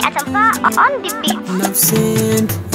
sampai asam on the beat.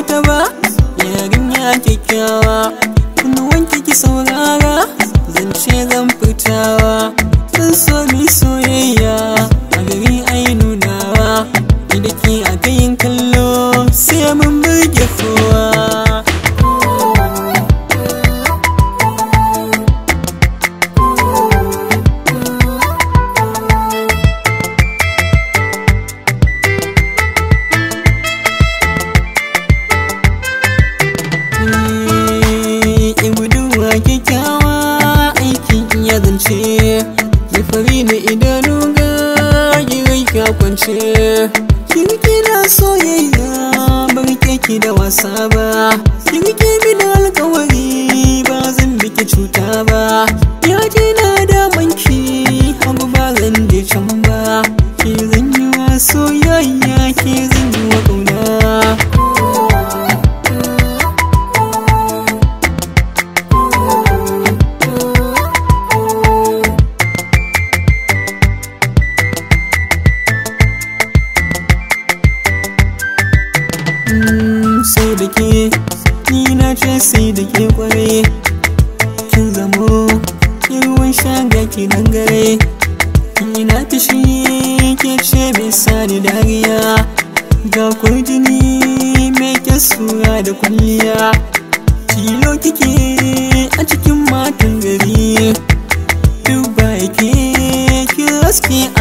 wata ba yarinya kyakkyawa kunnuwanki ki saurara ce zan fitawa sun so mi soyayya a gari ai nunawa idaki a kayin kallo sai mun zance Mai fari da idanu ga yi ka kwance Kirki na soyayya bar keki da wasa ba Kirki bi da alkawari tasi da ke kware kin zamo ruwan shaga ki dangare ina ta shi ke ce mai sani dariya ga kurjini mai kyasura da kwalliya kilo kike a cikin matan gari duk ba yake ki haske